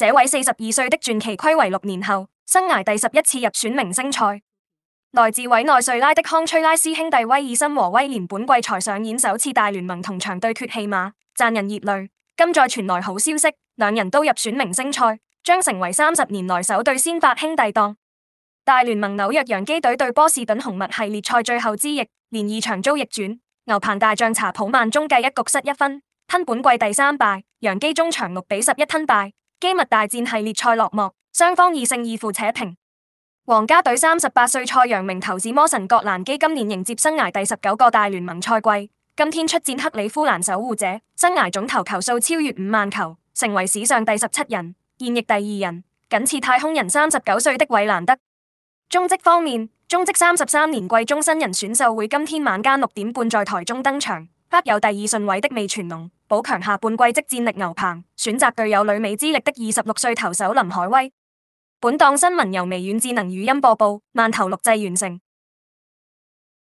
這位四十二歲的傳奇，暌違六年後，生涯第十一次入選明星賽。來自委內瑞拉的康崔拉斯兄弟威爾森和威廉，本季才上演首次大聯盟同場對決戲碼，賺人熱淚。今再傳來好消息，兩人都入選明星賽，將成為三十年來首對先發兄弟檔。大聯盟紐約洋基隊對波士頓紅襪系列賽最後之役，連二場遭逆轉，牛棚大將查普曼中繼一局失一分，吞本季第三敗。洋基中場六比十一吞敗。機密大戰系列賽落幕，雙方二勝二負扯平。皇家隊三十八歲，賽揚名投手魔神葛蘭基今年迎接生涯第十九個大聯盟賽季，今天出戰克里夫蘭守護者，生涯總投球數超越五萬球，成為史上第十七人，現役第二人，僅次太空人三十九歲的韋蘭德。中職方面，中職三十三年季中新人選秀會今天晚間六點半在台中登場。不有第二順位的味全龍，補強下半季即戰力牛棚，選擇具有旅美資歷的二十六歲投手林凱威。本檔新聞由微軟智能語音播報，曼頭錄製完成。